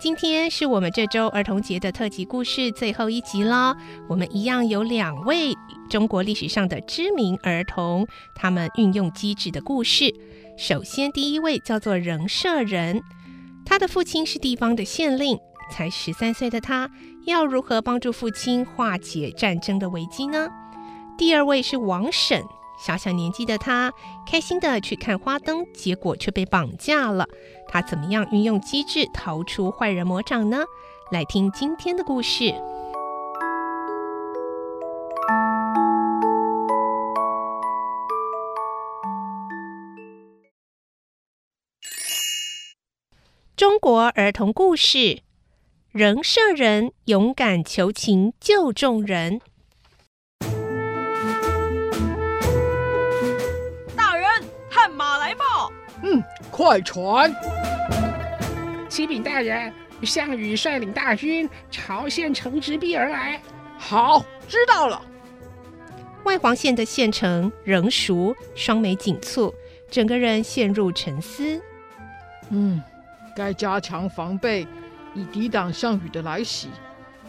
今天是我們這周兒童節的特輯故事最後一集了。我們一樣有兩位中國歷史上的知名兒童，他們運用機智的故事。首先，第一位叫做仍舍人，他的父親是地方的縣令，才十三歲的他要如何幫助父親化解戰爭的危機呢？第二位是王寀。小小年紀的他，開心的去看花燈，結果卻被綁架了。他怎麼樣運用機智逃出壞人魔掌呢？來聽今天的故事。中國兒童故事，仍舍人勇敢求情救眾人。嗯，快傳！啟禀大人，項羽率領大軍朝縣城直逼而來。好，知道了。外黃縣的縣城，仍舍雙眉緊蹙，整個人陷入沉思。嗯，該加強防備，以抵擋項羽的來襲。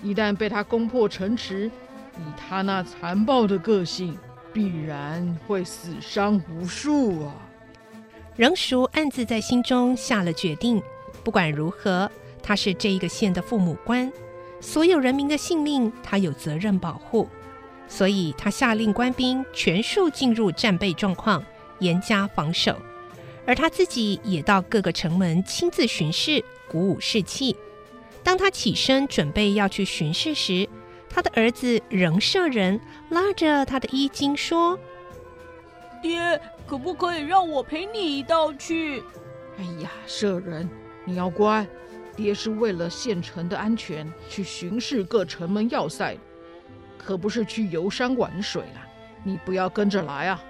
一旦被他攻破城池，以他那殘暴的個性，必然會死傷無數啊！仍叔暗自在心中下了決定，不管如何，他是這個縣的父母官，所有人民的性命他有責任保護，所以他下令官兵全數進入戰備狀況，嚴加防守，而他自己也到各個城門親自巡視，鼓舞士氣。當他起身準備要去巡視時，他的兒子仍舍人拉着他的衣襟說：“爹。”可不可以讓我陪你一道去？哎呀，舍人，你要乖。爹是為了縣城的安全去巡視各城門要塞，可不是去遊山玩水啦。你不要跟着來啊！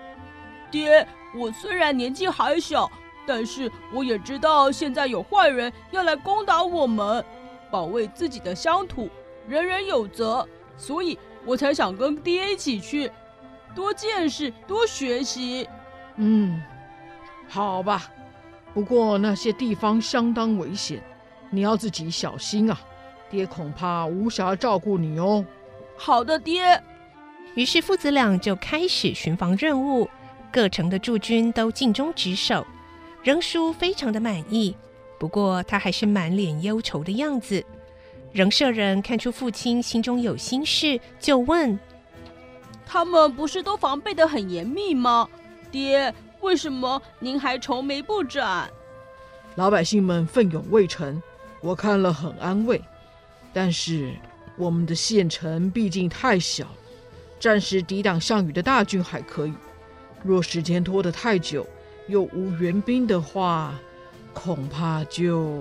爹，我雖然年紀還小，但是我也知道現在有壞人要來攻打我們，保衛自己的鄉土，人人有責。所以我才想跟爹一起去，多見識，多學習。嗯，好吧，不過那些地方相當危險，你要自己小心啊！爹恐怕無暇照顧你哦。好的，爹。於是父子倆就開始巡防任務。各城的駐軍都盡忠職守，仍叔非常的滿意。不過他還是滿臉憂愁的樣子。仍舍人看出父親心中有心事，就問：“他們不是都防備得很嚴密嗎？”爹，為什麼您還愁眉不展？老百姓們奮勇衛城。我看了很安慰。但是我們的縣城畢竟太小，暫時抵擋項羽的大軍還可以。若時間拖得太久，又無援兵的話，恐怕就……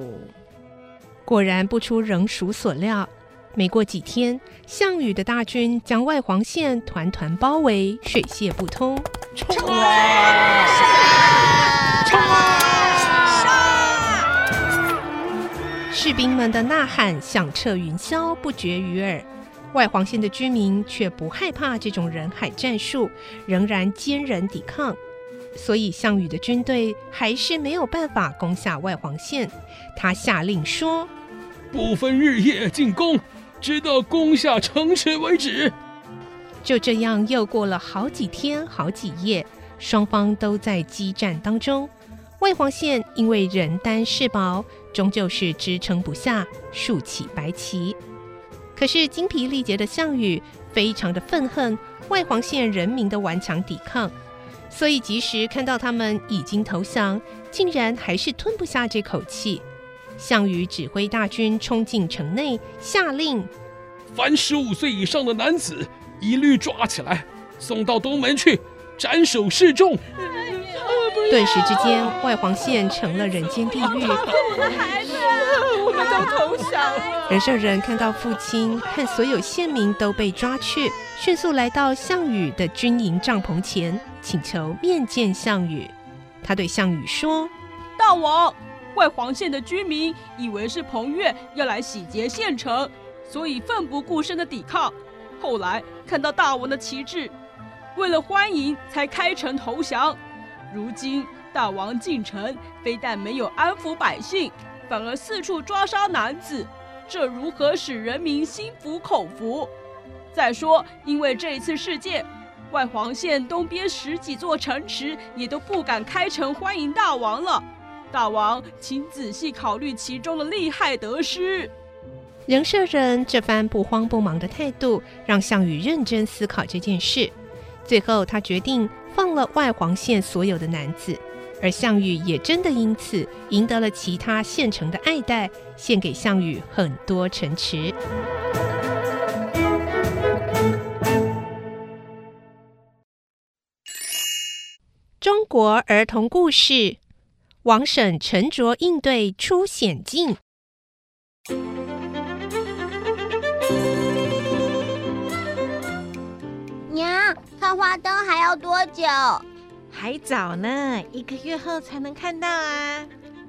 果然不出仍叔所料。沒過幾天，項羽的大軍將外黃縣團團包圍，水泄不通。衝啊！士兵們的吶喊響徹雲霄，不絕於耳。外黃縣的居民卻不害怕這種人海戰術，仍然堅忍抵抗。所以項羽的軍隊還是沒有辦法攻下外黃縣。他下令說：“不分日夜進攻。”直到攻下城池為止。就這樣，又過了好幾天好幾夜，雙方都在激戰當中。外黃縣因為人單勢薄，終究是支撐不下，豎起白旗。可是精疲力竭的項羽非常的憤恨，外黃縣人民的頑強抵抗，所以即使看到他們已經投降，竟然還是吞不下這口氣。項羽指揮大軍衝進城內，下令：凡十五歲以上的男子，一律抓起來，送到東門去斬首示眾。哎、頓時之間，外黃縣成了人間地獄。啊、我們的孩子，啊、我們要投降了。仍舍人看到父親和所有縣民都被抓去，迅速來到項羽的軍營帳篷前，請求面見項羽。他對項羽說：“大王。”外黃縣的居民以為是彭越要來洗劫縣城，所以奮不顧身的抵抗。後來看到大王的旗幟，為了歡迎才開城投降。如今大王進城，非但沒有安撫百姓，反而四處抓殺男子，這如何使人民心服口服？再說，因為這一次事件，外黃縣東邊十幾座城池也都不敢開城歡迎大王了。大王，請仔細考慮其中的利害得失。仁社人，人這番不慌不忙的態度，讓項羽認真思考這件事。最後，他決定放了外黃縣所有的男子，而項羽也真的因此贏得了其他縣城的愛戴，獻給項羽很多城池。中國兒童故事。王寀沉着應對出險境。娘，看花燈還要多久？還早呢，一個月後才能看到啊。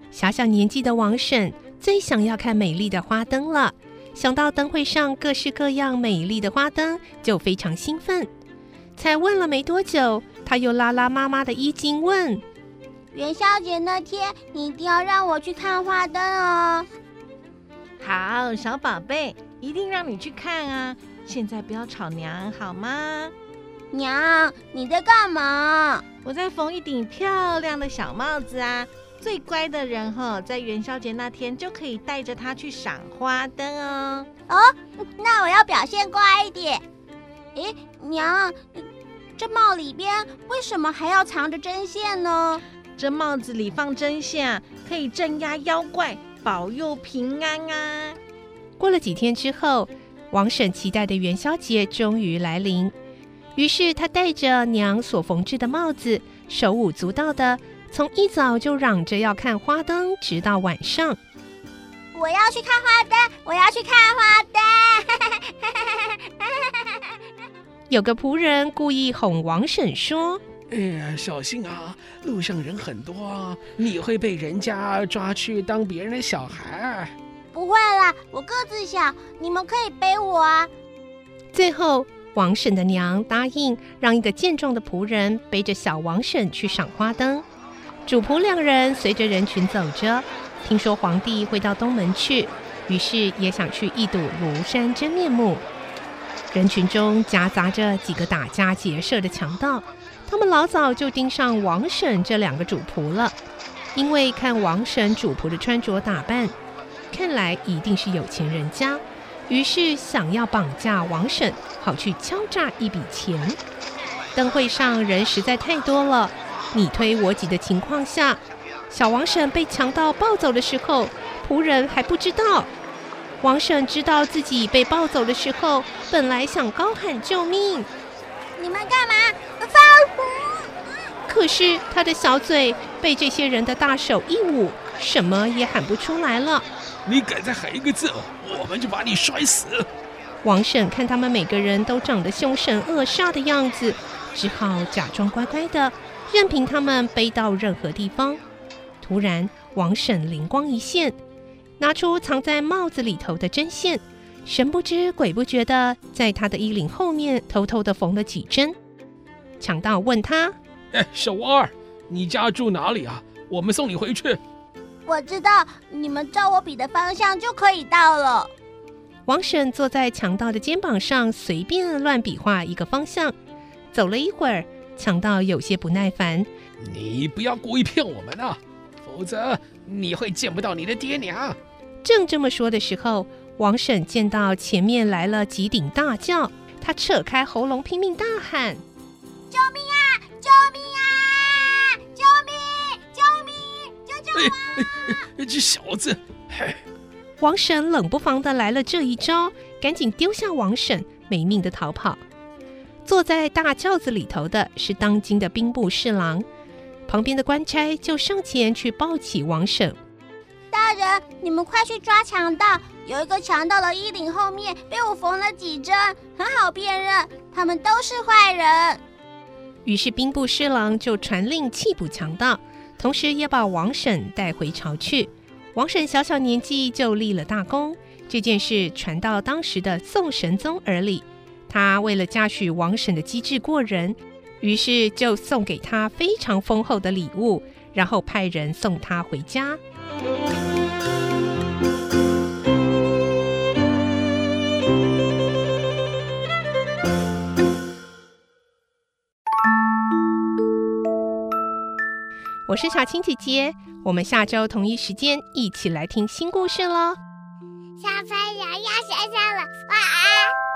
小小年紀的王寀最想要看美麗的花燈了，想到燈會上各式各樣美麗的花燈，就非常興奮。才問了沒多久，他又拉拉媽媽的衣襟問。元宵節那天，你一定要讓我去看花燈哦。好，小寶貝，一定讓你去看啊！現在不要吵娘，好嗎？娘，你在幹嘛？我在縫一頂漂亮的小帽子啊。最乖的人哈、哦，在元宵節那天就可以帶着他去賞花燈哦。哦，那我要表現乖一點。哎，娘，這帽裡邊為什麼還要藏着針線呢？這帽子裡放針線啊，可以鎮壓妖怪，保佑平安啊！過了幾天之後，王寀期待的元宵節終於來臨，於是她戴着娘所縫制的帽子，手舞足蹈的，從一早就嚷着要看花燈，直到晚上。我要去看花燈，我要去看花燈。 有個僕人故意哄王寀說。哎呀、嗯，小心啊！路上人很多，你會被人家抓去當別人的小孩。不會啦，我個子小，你們可以背我啊。最後，王寀的娘答應讓一個健壯的僕人背着小王寀去賞花燈。主僕兩人隨着人群走着，聽說皇帝會到東門去，於是也想去一睹廬山真面目。人群中夾雜着幾個打家劫舍的強盜。他們老早就盯上王寀這兩個主僕了，因為看王寀主僕的穿着打扮，看來一定是有錢人家，於是想要綁架王寀，好去敲詐一筆錢。燈會上人實在太多了，你推我擠的情況下，小王寀被強盜抱走的時候，僕人還不知道。王寀知道自己被抱走的時候，本來想高喊救命，你們幹嘛？可是他的小嘴被這些人的大手一捂，什麼也喊不出來了。你敢再喊一個字，我們就把你摔死！王寀看他們每個人都長得凶神惡煞的樣子，只好假裝乖乖的，任憑他們背到任何地方。突然，王寀靈光一現，拿出藏在帽子裡頭的針線，神不知鬼不覺的在他的衣領後面偷偷的縫了幾針。強盜問他。哎，小娃兒，你家住哪裡啊？我們送你回去。我知道，你們照我比的方向就可以到了。王寀坐在強盜的肩膀上，隨便亂比劃一個方向，走了一會兒，強盜有些不耐煩：“你不要故意騙我們啊，否則你會見不到你的爹娘。”正這麼說的時候，王寀見到前面來了幾頂大轎，她扯開喉嚨拼命大喊：“救命啊！”救命啊！救命！救命！救救我！哎哎、這小子，哎、王寀冷不防的來了這一招，趕緊丟下王寀，沒命的逃跑。坐在大轎子裡頭的是當今的兵部侍郎，旁邊的官差就上前去抱起王寀。大人，你們快去抓強盜！有一個強盜的衣領後面被我縫了幾針，很好辨認。他們都是壞人。於是兵部侍郎就傳令緝捕強盜，同時也把王寀帶回朝去。王寀小小年紀就立了大功，這件事傳到當時的宋神宗耳裡，他為了嘉許王寀的機智過人，於是就送給他非常豐厚的禮物，然後派人送他回家。我是小青姐姐，我們下周同一時間一起來聽新故事嘍！小朋友要睡覺了，晚安。